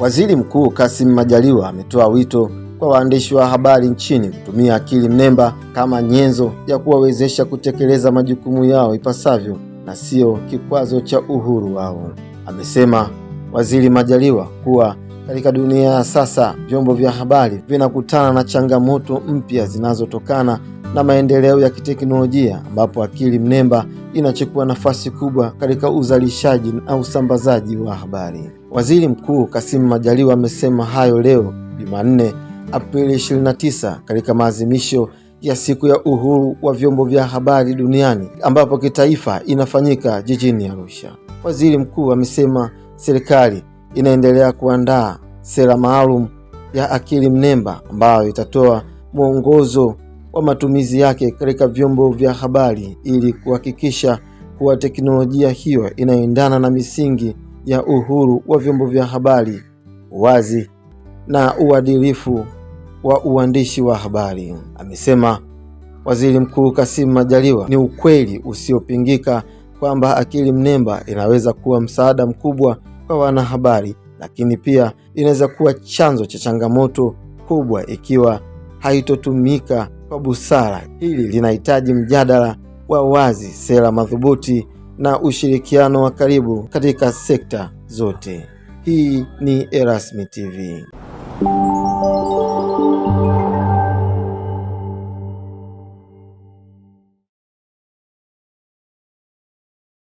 Waziri Mkuu Kassim Majaliwa ametoa wito kwa waandishi wa habari nchini kutumia akili mnemba kama nyenzo ya kuwawezesha kutekeleza majukumu yao ipasavyo na sio kikwazo cha uhuru wao. Amesema Waziri Majaliwa kuwa katika dunia ya sasa vyombo vya habari vinakutana na changamoto mpya zinazotokana na maendeleo ya kiteknolojia ambapo akili mnemba inachukua nafasi kubwa katika uzalishaji na usambazaji wa habari. Waziri Mkuu Kassim Majaliwa amesema hayo leo Jumanne, Aprili 29 katika maadhimisho ya siku ya uhuru wa vyombo vya habari duniani ambapo kitaifa inafanyika jijini Arusha. Waziri Mkuu amesema serikali inaendelea kuandaa sera maalum ya akili mnemba ambayo itatoa mwongozo wa matumizi yake katika vyombo vya habari ili kuhakikisha kuwa teknolojia hiyo inaendana na misingi ya uhuru wa vyombo vya habari, uwazi na uadilifu wa uandishi wa habari. Amesema Waziri Mkuu Kassim Majaliwa, ni ukweli usiopingika kwamba akili mnemba inaweza kuwa msaada mkubwa kwa wanahabari, lakini pia inaweza kuwa chanzo cha changamoto kubwa ikiwa haitotumika kwa busara. Hili linahitaji mjadala wa wazi, sera madhubuti na ushirikiano wa karibu katika sekta zote. Hii ni Erasmi TV.